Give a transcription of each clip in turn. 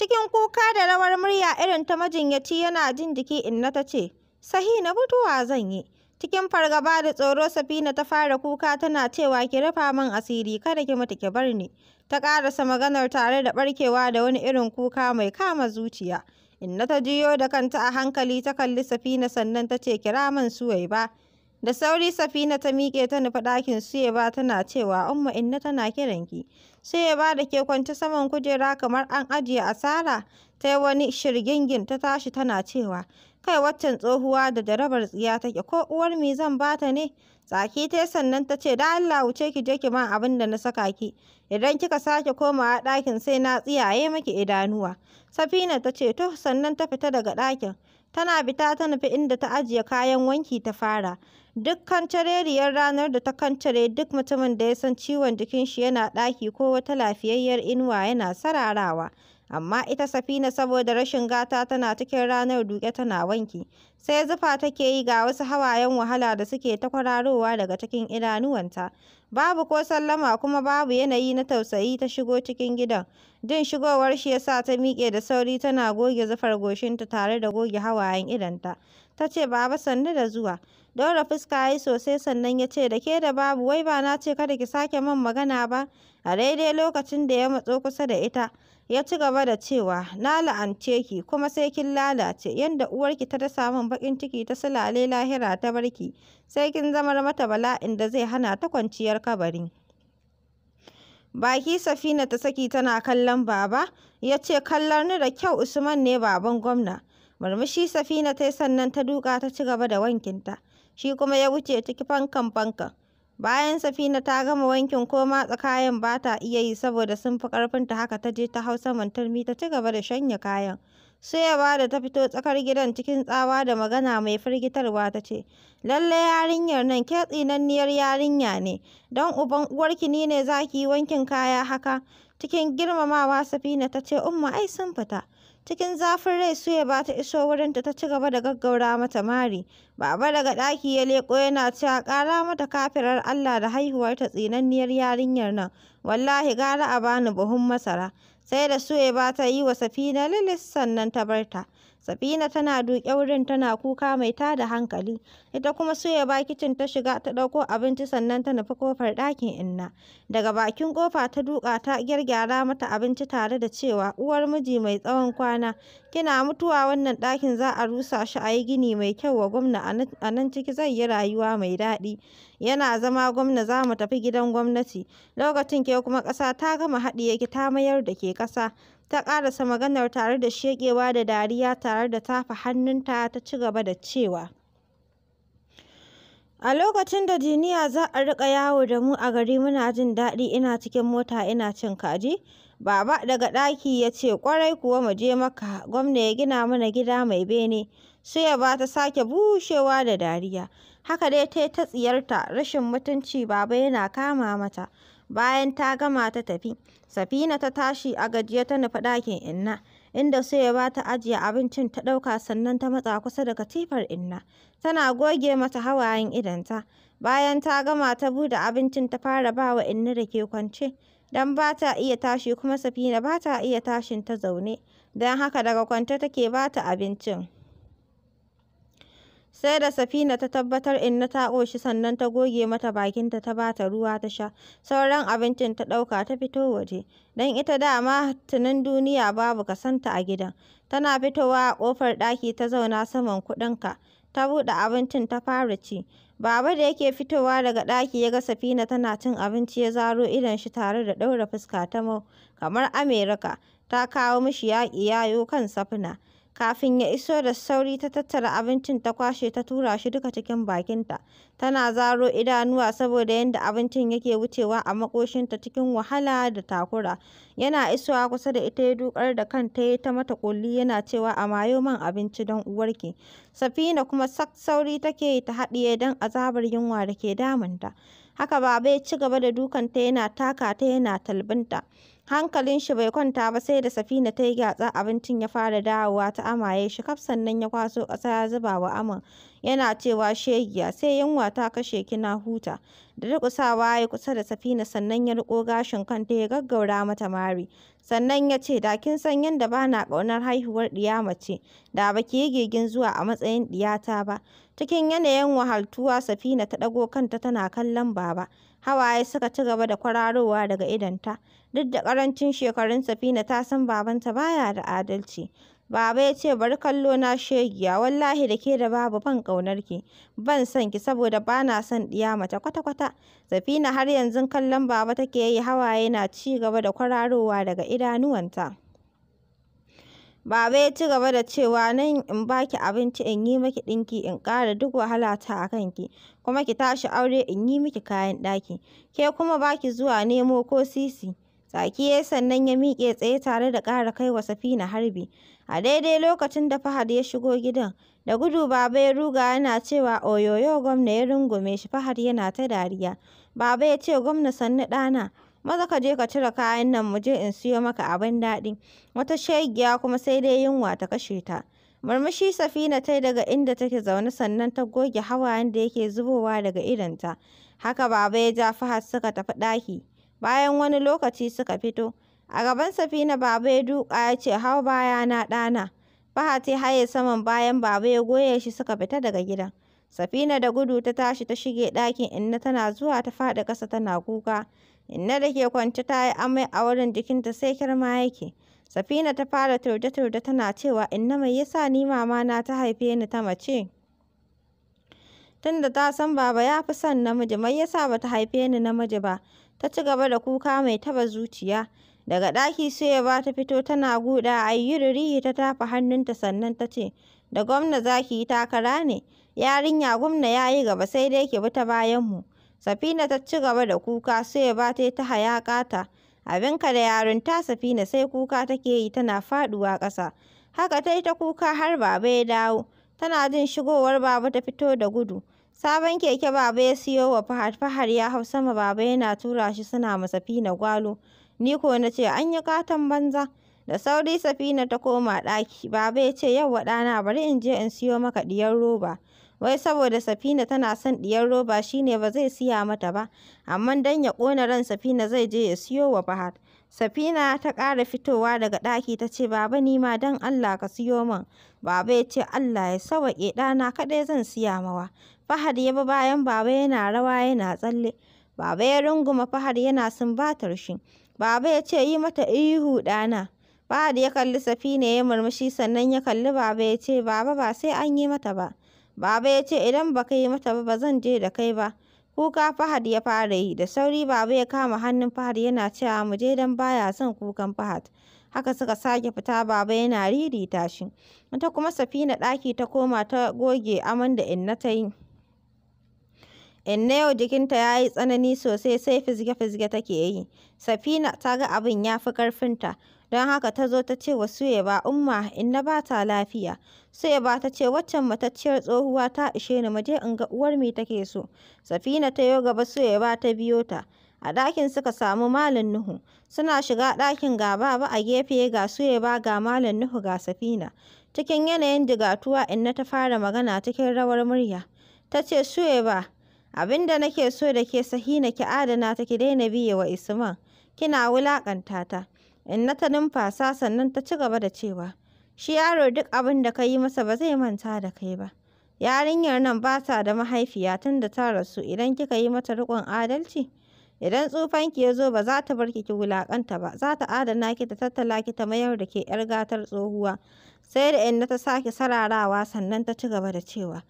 Cikin kuka da rawar murya irin ta majinyaci yana jin jiki inna ta ce, Sahi na mutuwa zan yi. Cikin fargaba da tsoro Safina ta fara kuka tana cewa ki rufa min asiri kada ki mutu ki bar ni. Ta ƙarasa maganar tare da barkewa da wani irin kuka mai kama zuciya. Inna ta jiyo da kanta a hankali ta kalli Safina sannan ta ce kira min Suwaiba. Da sauri Safina ta miƙe ta nufi ɗakin Suyeba tana cewa Umma Inna tana kiranki. Suyeba da ke kwance saman kujera kamar an ajiye asara ta yi wani shirgingin ta tashi tana cewa kai waccan tsohuwa da jarabar tsiya take ko uwar me zan bata ne tsaki ta sannan ta ce da Allah wuce ki je ki ma abin da na saka ki idan kika sake komawa ɗakin sai na tsiyaye maki idanuwa Safina ta ce to sannan ta fita daga ɗakin Tana fita ta nufi inda ta ajiye kayan wanki ta fara. Duk kancareriyar ranar da ta kancare duk mutumin da ya san ciwon jikin shi yana ɗaki ko wata lafiyayyar inuwa yana sararawa. Amma ita Safina saboda rashin gata tana cikin ranar duke tana wanki. Sai zufa take yi ga wasu hawayen wahala da suke ta kwararowa daga cikin idanuwanta. Babu ko sallama kuma babu yanayi na tausayi ta shigo cikin gidan. Jin shigowar shi ya sa ta miƙe da sauri tana goge zufar goshinta tare da goge hawayen idonta. Ta ce, Baba sannu da zuwa. Daura fuska ya yi sosai sannan ya ce, da ke da babu, wai ba na ce kada ki sake man magana ba. A daidai lokacin da ya matso kusa da ita, ya ci gaba da cewa, na la'ance ki kuma sai kin lalace, yadda uwarki ta dasa min bakin ciki ta sulale lahira ta barki, sai kin zamar mata bala'in da zai hana ta kwanciyar kabari. Baki Safina ta saki tana kallon baba, ya ce, "Kallon ni da kyau Usman ne baban gwamna. Murmushi Safina ta yi sannan ta duka ta ci gaba da wankinta. Shi kuma ya wuce ciki fankan fankan. Bayan Safina ta gama wankin ko matsa kayan ba ta iya yi saboda sun fi ƙarfinta haka ta je ta hau saman turmi ta ci gaba da shanya kayan. Suyawa da ta fito tsakar gidan cikin tsawa da magana mai firgitarwa ta ce, Lalle yarinyar nan ke tsinanniyar yarinya ne, don uban uwarki ni ne za ki yi wankin kaya haka. Cikin girmamawa Safina ta ce, Umma ai sun fita. Cikin zafin rai suya ba ta iso wurinta ta ci gaba da gaggaura mata mari. Baba daga ɗaki ya leƙo yana cewa ƙara mata kafirar Allah da haihuwar ta tsinanniyar yarinyar nan. Wallahi gara a bani buhun masara. Sai da suya ba ta yi wa Safina lilis sannan ta bar ta. Safina tana duƙe wurin tana kuka mai tada hankali. Ita kuma Suwaiba kicin ta shiga ta ɗauko abinci sannan ta nufi kofar ɗakin Inna. Daga bakin ƙofa ta duƙa ta gyargyara mata abinci tare da cewa uwar miji mai tsawon kwana kina mutuwa wannan ɗakin za a rusa shi a yi gini mai kyau wa gwamna a nan ciki zai yi rayuwa mai daɗi. Yana zama gwamna za mu tafi gidan gwamnati. Lokacin ke kuma ƙasa ta gama haɗiye ki ta mayar da ke ƙasa. Ta ƙarasa maganar tare da sheƙewa da dariya tare da tafa hannunta ta ci gaba da cewa. A lokacin da jiniya za a riƙa yawo da mu a gari muna jin daɗi ina cikin mota ina cin kaji. Baba daga ɗaki ya ce ƙwarai kuwa mu je maka gwamna ya gina mana gida mai bene. Sai ya ba ta sake bushewa da dariya. Haka dai ta yi ta tsiyarta rashin mutunci baba yana kama mata. Bayan ta gama ta tafi, Safina ta tashi a gajiye ta nufi ɗakin Inna, inda su ba ta ajiye abincin ta ɗauka sannan ta matsa kusa da katifar Inna, tana goge mata hawayen idonta. Bayan ta gama ta buɗe abincin ta fara ba wa Inna da ke kwance, don ba ta iya tashi kuma Safina ba ta iya tashin ta zaune, don haka daga kwance take ba ta abincin. Sai da Safina ta tabbatar Inna ta shi sannan ta goge mata bakinta ta ba ta ruwa ta sha, sauran abincin ta ɗauka ta fito waje, don ita dama tunin duniya babu kasanta a gidan. Tana fitowa a ƙofar ɗaki ta zauna saman kuɗinka, ta buɗe abincin ta fara ci. Baba da yake fitowa daga ɗaki ya ga Safina tana cin abinci ya zaro idon shi tare da ɗaura fuska ta mau, kamar Amerika, ta kawo mishi yaƙi yayo kan Safina. Kafin ya iso da sauri ta tattara abincin ta kwashe ta tura shi duka cikin bakinta, tana zaro idanuwa saboda yadda abincin yake wucewa a makoshinta cikin wahala da takura. Yana isowa kusa da ita ya dukar da kanta ya yi ta mata kulli yana cewa a mayo, man abinci don uwarki. Safina kuma sak sauri take yi ta haɗiye don azabar yunwa da ke damunta. Haka Baba ya ci gaba da dukanta yana taka ta yana talbinta. Hankalin shi bai kwanta ba sai da Safina ta yi gyatsa abincin ya fara dawowa ta amaye shi kaf sannan ya kwaso ƙasa ya zuba wa aman yana cewa shegiya sai yunwa ta kashe ki na huta. Da rikusawa ya kusa da Safina sannan ya riko gashin kanta ya gaggaura mata mari. Sannan ya ce da kin san yadda ba na ƙaunar haihuwar ɗiya mace da ba ki yi gigin zuwa a matsayin ɗiyata ba. Cikin yanayin wahaltuwa Safina ta ɗago kanta tana kallon baba. Hawaye suka ci gaba da kwararowa daga idonta. Duk da ƙarancin shekarun Safina ta san babanta ba ya da adalci. Baba ya ce bari kallo na shegiya wallahi da ke da babu ban ƙaunarki ban son ki saboda ba na son ɗiya mace kwata-kwata. Safina har yanzu kallon baba take yi hawaye na ci gaba da kwararowa daga idanuwanta. Baba ya ci gaba da cewa nan in baki abinci in yi miki ɗinki in ƙara duk wahala ta a kanki kuma ki tashi aure in yi miki kayan ɗaki ke kuma baki zuwa nemo ko sisi. Tsaki ya sannan ya miƙe tsaye tare da ƙara kai wa Safina harbi. A daidai lokacin da Fahad ya shigo gidan, da gudu Baba ya ruga yana cewa oyoyo gwamna ya rungume shi Fahad yana ta dariya. Baba ya ce gwamna sannu ɗana. Maza ka je ka cire kayan nan mu je in siyo maka abin daɗi. Wata shegiya kuma sai dai yunwa ta kashe ta. Murmushi Safina ta daga inda take zaune sannan ta goge hawayen da yake zubowa daga idonta. Haka Baba ya ja Fahad suka tafi ɗaki. Bayan wani lokaci suka fito. A gaban Safina Baba ya duka ya ce, hau bayana ɗana. Fahad ya haye saman bayan Baba ya goye shi suka fita daga gidan. Safina da gudu ta tashi ta shige ɗakin Inna tana zuwa ta faɗi ƙasa tana kuka. Inna da ke kwance ta yi amai a wurin jikinta sai kirma yake. Safina ta fara turde-turde tana cewa Inna mai yasa ni mama na ta haife ni ta mace? Tunda ta san baba ya fi son namiji, mai yasa ta haife ni namiji ba? ta ci gaba da kuka mai taba zuciya. Daga ɗaki ba ta fito tana guda a riri ta tafa hannunta sannan ta ce, Da gwamna za ki yi takara ne, yarinya gwamna ya yi gaba sai dai ki bi ta bayanmu. Safina ta ci gaba da kuka ba ta yi ta hayaƙa ta. Abinka da yarinta Safina sai kuka take yi tana faɗuwa ƙasa. Haka ta yi ta kuka har baba ya dawo. Tana jin shigowar baba ta fito da gudu. Sabon keke Baba ya siyo wa Fahad, Fahad ya hau sama Baba yana tura shi suna ma Safina gwalo, ni ko na ce an yi ƙaton banza. Da sauri Safina ta koma ɗaki, Baba ya ce yau ɗana bari in je in siyo maka ɗiyar roba. Wai saboda Safina tana son ɗiyar roba shine ne ba zai siya mata ba, amma dan ya ƙona ran Safina zai je ya siyo wa Fahad. Safina ta ƙara fitowa daga ɗaki ta ce, Baba ni ma don Allah ka siyo min. Baba ya ce, Allah ya sawaƙe ɗana kaɗai zan siya mawa. Fahad ya bi bayan Baba yana rawa yana tsalle. Baba ya runguma Fahad yana sumbatar shi. Baba ya ce, yi mata ihu ɗana. Fahad ya kalli Safina ya murmushi sannan ya kalli Baba ya ce, Baba ba sai an yi mata ba. Baba ya ce, idan baka yi mata ba ba zan je da kai ba. Kuka Fahad ya fara yi, da sauri Baba ya kama hannun Fahad yana cewa mu je don baya son kukan Fahad. Haka suka sake fita Baba yana riri shi. Ita kuma Safina ɗaki ta koma ta goge aman da Inna ta yi. Inna yau jikinta ya yi tsanani sosai sai fizge-fizge take yi. Safina ta ga abin ya fi ƙarfinta, don haka ta zo ta ce wa Suwaiba, Umma, Inna ba ta lafiya. Suwaiba ta ce, waccan matacciyar tsohuwa ta ishe ni maje je in ga uwar me take so. Safina ta yo gaba Suwaiba ta biyo ta. A ɗakin suka samu Malam Nuhu. Suna shiga ɗakin ga Baba a gefe ga Suwaiba ga Malam Nuhu ga Safina. Cikin yanayin jigatuwa Inna ta fara magana cikin rawar murya. Ta ce, Suwaiba, Abin da nake so da ke Sahina ki adana ta ki daina biye wa isman kina wulaƙanta ta. In na ta numfasa sannan ta ci gaba da cewa, shi yaro duk abin da ka yi masa ba zai manta da kai ba. Yarinyar nan ba ta da mahaifiya tun da ta rasu idan kika yi mata riƙon adalci. Idan tsufanki ya zo ba za ta bar ki ki wulaƙanta ba, za ta adana ki ta tattala ki ta mayar da ke 'yar gatar tsohuwa. Sai da in na ta sake sararawa sannan ta ci gaba da cewa,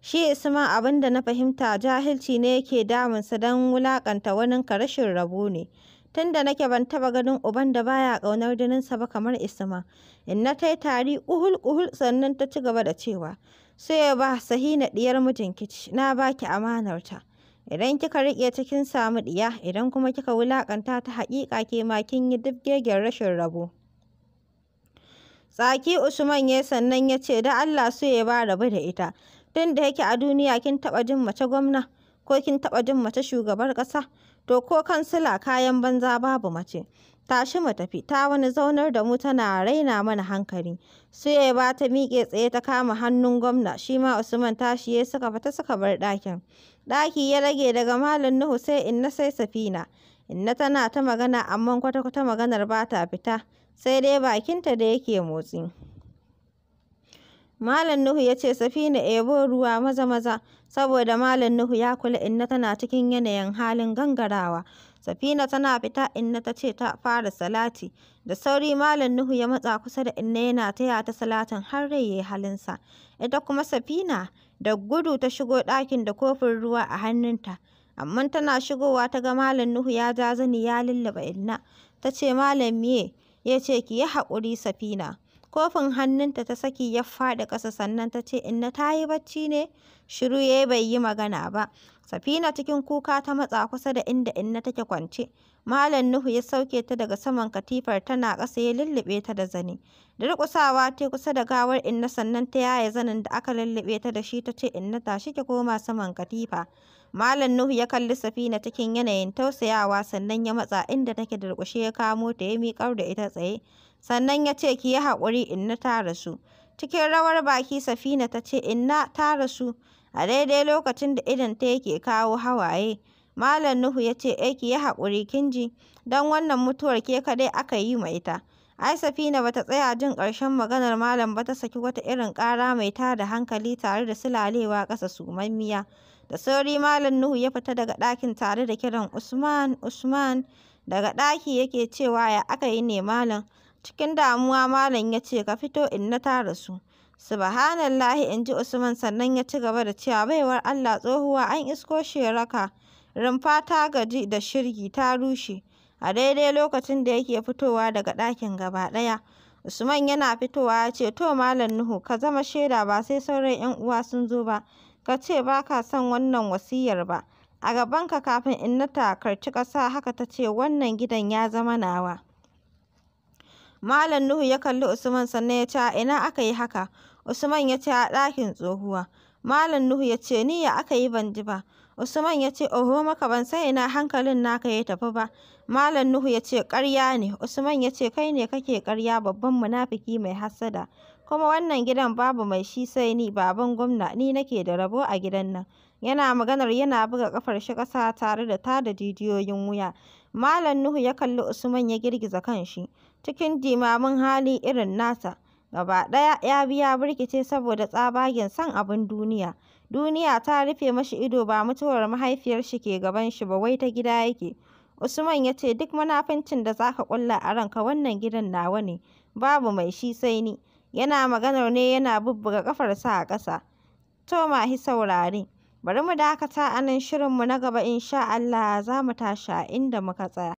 Shi isma abin da na fahimta jahilci ne yake damunsa don wulaƙanta waninka rashin rabo ne. Tun da nake ban taba ganin uban da baya ƙaunar jininsa ba kamar Isma. Inna ta yi tari uhul-uhul sannan ta ci gaba da cewa, ya ba sahina ɗiyar mijinki ci, na baki amanarta. Idan kika riƙe cikin samu ɗiya, idan kuma kika wulaƙanta ta haƙiƙa ke ma yi duk gegen rashin rabo. Tsaki Usman ya sannan ya ce, da Allah so ya ba rabu da ita. Tun da yake a duniya kin taɓa jin mace gwamna, ko kin taɓa jin mace shugabar ƙasa, to ko kansila kayan banza babu mace. Tashi mu tafi, ta wani zaunar da mu tana raina mana hankali. Su ya ba ta miƙe tsaye ta kama hannun gwamna, shi ma Usman tashi ya suka fita suka bar ɗakin. Ɗaki ya rage daga Malam Nuhu sai Inna sai Safina. Inna tana ta magana amma kwata-kwata maganar ba ta fita, sai dai bakinta da yake motsi. Malam Nuhu ya ce, Safina ebo ruwa maza-maza, saboda Malam Nuhu ya kula Inna tana cikin yanayin halin gangarawa. Safina tana fita Inna ta ce ta fara salati. Da sauri Malam Nuhu ya matsa kusa da Inna yana taya ta salatin har rai ya yi halinsa. Ita kuma Safina, da gudu ta shigo ɗakin da kofin ruwa a hannunta. Amma tana shigowa ta ga Malam Nuhu ya ja zani ya lulluɓe Inna. Ta ce, Malam me? Ya ce, ki yi haƙuri Safina. Kofin hannunta ta saki ya faɗi ƙasa sannan ta ce, Inna ta yi bacci ne? Shiru ya bai yi magana ba. Safina cikin kuka ta matsa kusa da inda Inna take kwance. Malam Nuhu ya sauke ta daga saman katifar tana ƙasa ya lulluɓe ta da zane. Durƙusawa ta kusa da gawar Inna sannan ta yaya zanin da aka lulluɓe ta da shi ta ce, Inna tashi ki koma saman katifa. Malam Nuhu ya kalli Safina cikin yanayin tausayawa sannan ya matsa inda take durƙushe ya kamo ta ya miƙar da ita tsaye. Sannan ya ce, ki yi haƙuri Inna ta rasu. Cikin rawar baki Safina ta ce, Inna ta rasu. A daidai lokacin da ta yake kawo hawaye. Malam Nuhu ya ce, eh ki yi haƙuri kin don wannan mutuwar ke kaɗai aka yi ma ita. Ai Safina bata tsaya jin ƙarshen maganar malam ba ta saki wata irin ƙara mai tada hankali tare da sulalewa ƙasa sumammiya. Da sauri malam Nuhu ya fita daga ɗakin tare da kiran Usman, Usman. Daga ɗaki yake cewa ya aka yi ne malam. Cikin damuwa malam ya ce ka fito in na tara su. Subhanallahi in ji Usman sannan ya ci gaba da cewa baiwar Allah tsohuwa an isko shi raka. Rumfa ta gaji da shirgi ta rushe. A daidai lokacin da yake fitowa daga ɗakin gaba ɗaya, Usman yana fitowa ya ce, To Malam Nuhu, ka zama shaida ba sai sauran 'yan uwa sun zo ba, ka ce ba ka son wannan wasiyar ba, a gabanka kafin in Innata karci ƙasa haka ta ce, Wannan gidan ya zama nawa. Malam Nuhu ya kalli Usman sannan ya ce, ina aka yi haka? Usman ya ce, A ɗakin tsohuwa. Malam Nuhu ya ce, Ni ya aka yi ban ji ba. Usman ya ce oho maka ban sai ina hankalin naka ya tafi ba. Malam Nuhu ya ce ƙarya ne. Usman ya ce kai ne kake ƙarya babban munafiki mai hassada. Kuma wannan gidan babu mai shi sai ni baban gwamna ni nake da rabo a gidan nan. Yana maganar yana buga ƙafar shi ƙasa tare da ta da didiyoyin wuya. Malam Nuhu ya kalli Usman ya girgiza kanshi. Cikin jimamin hali irin nasa. Gaba ɗaya ya biya ya birkice saboda tsabagen son abin duniya. Duniya ta rufe mashi ido ba mutuwar mahaifiyarshi ke gaban shi ba wai ta gida yake. Usman ya ce duk munafincin da za ka ƙulla a ranka wannan gidan nawa ne, babu mai shi sai ni. Yana maganar ne yana bubbuga ƙafarsa a ƙasa. To hi saurare, bari mu dakata a nan mu na gaba insha Allah za mu tashi a inda muka tsaya.